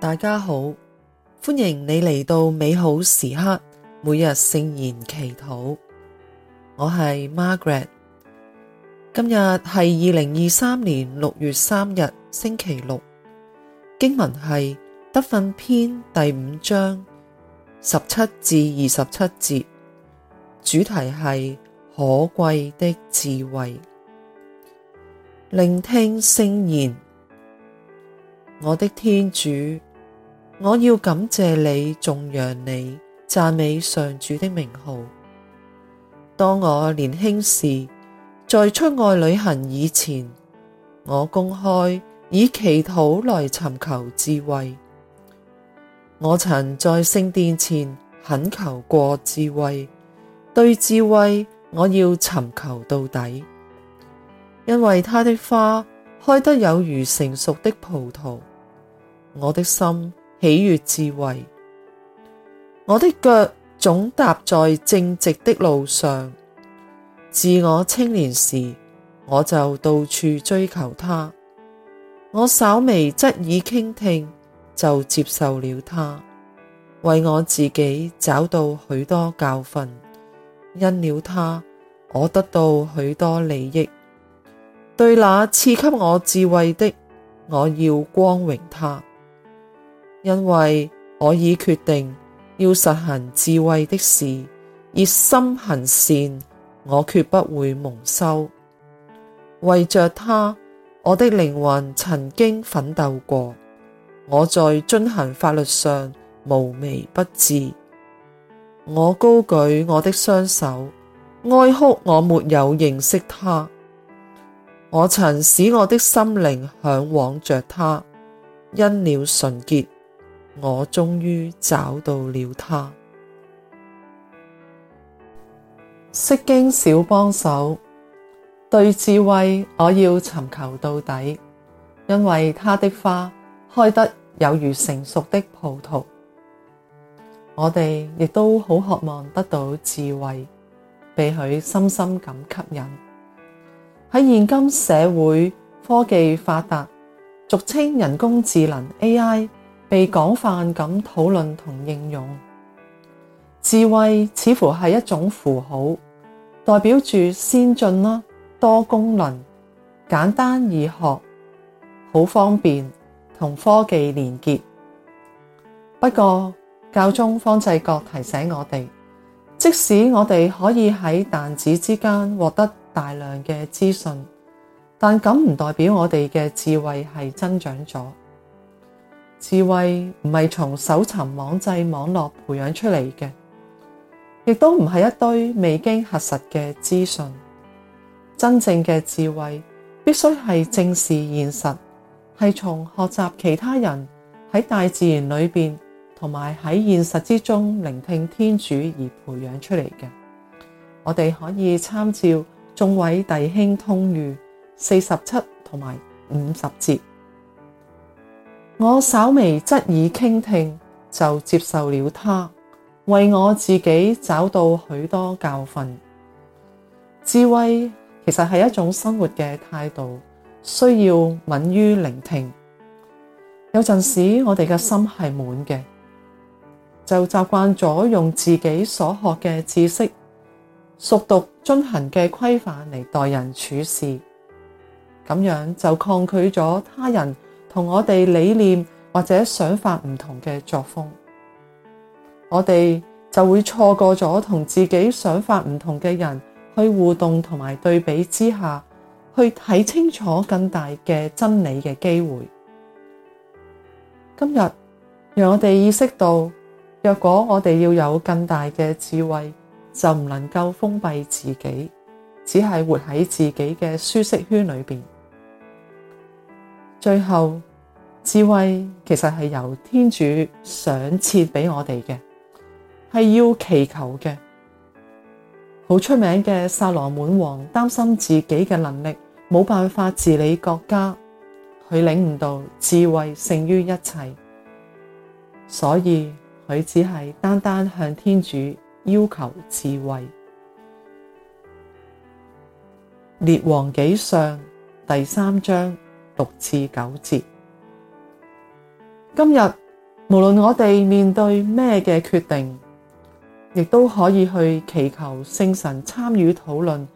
大家好，歡迎你嚟到美好時刻，每日聖言祈禱。我係 Margaret，今日係二零二三年六月三日星期六。經文係德訓篇第五章十七至二十七節，主題係可貴的智慧。聆聽聖言，我的天主。我要感謝你，頌揚你，讚美上主的名號。當我年輕時，在出外旅行以前，我公開以祈禱來尋求智慧。我曾在聖殿前懇求過智慧，對智慧，我要尋求到底，因為她的花開得有如成熟的葡萄。我的心。喜悅智慧，我的腳總踏在正直的路上。自我青年時，我就到處追求他。我稍微側耳傾聽，就接受了他，為我自己找到許多教訓。因了他，我得到許多利益。對那賜給我智慧的，我要光榮他。因為我已決定要實行智慧的事，熱心行善，我決不會蒙羞。為着他，我的靈魂曾經奮鬥過。我在遵行法律上，無微不至。我高舉我的雙手，哀哭我沒有認識他。我曾使我的心靈向往着他，因了純潔。我終於找到了他。釋經小幫手，對智慧，我要尋求到底，因為他的花開得有如成熟的葡萄。我哋亦都好渴望得到智慧，被佢深深咁吸引。喺現今社會，科技發達，俗稱人工智能 AI。被廣泛咁討論同應用，智慧似乎係一種符號，代表住先進啦、多功能、簡單易學、好方便同科技連結。不過教宗方濟各提醒我哋，即使我哋可以喺彈指之間獲得大量嘅資訊，但咁唔代表我哋嘅智慧係增長咗。智慧唔係從搜尋網際網絡培養出嚟嘅，亦都唔係一堆未經核實嘅資訊。真正嘅智慧必須係正視現實，係從學習其他人喺大自然裏邊，同埋喺現實之中聆聽天主而培養出嚟嘅。我哋可以參照眾位弟兄通諭四十七同埋五十節。我稍微側耳傾聽，就接受了他，為我自己找到許多教訓。智慧其實是一種生活嘅態度，需要敏於聆聽。有陣時我哋嘅心是滿嘅，就習慣咗用自己所學嘅知識、熟讀遵行嘅規範嚟待人處事，咁樣就抗拒咗他人。同我哋理念或者想法唔同嘅作風，我哋就會錯過咗同自己想法唔同嘅人去互動同埋對比之下去睇清楚，更大嘅真理嘅機會。今日讓我哋意識到，若果我哋要有更大嘅智慧，就唔能夠封閉自己，只係活喺自己嘅舒適圈裏邊。最後，智慧其實係由天主賞賜畀我哋嘅，係要祈求嘅。好出名嘅撒羅滿王擔心自己嘅能力冇辦法治理國家，佢領悟到智慧勝於一切，所以佢只係單單向天主要求智慧。列王紀上第三章。六至九節。今日無論我哋面對咩嘅決定，亦都可以去祈求聖神參與討論，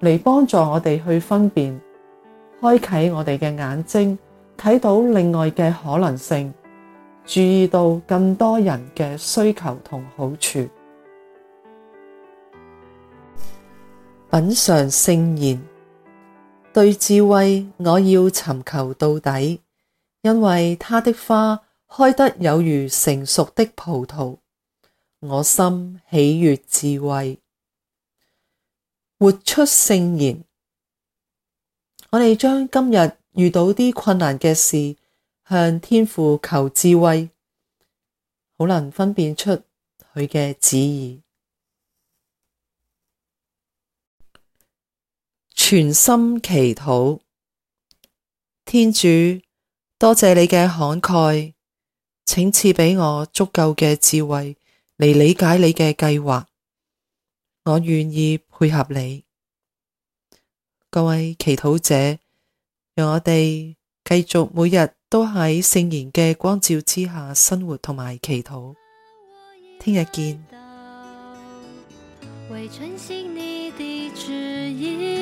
嚟幫助我哋去分辨，開啟我哋嘅眼睛，睇到另外嘅可能性，注意到更多人嘅需求同好處。品嘗聖言。對智慧，我要尋求到底，因為她的花開得有如成熟的葡萄，我心喜悅智慧，活出聖言。我哋將今日遇到啲困難嘅事，向天父求智慧，好能分辨出佢嘅旨意。全心祈禱，天主，多謝你嘅慷慨，請賜俾我足夠嘅智慧嚟理解你嘅計劃，我願意配合你。各位祈禱者，讓我哋繼續每日都喺聖言嘅光照之下生活同埋祈禱。聽日見。啊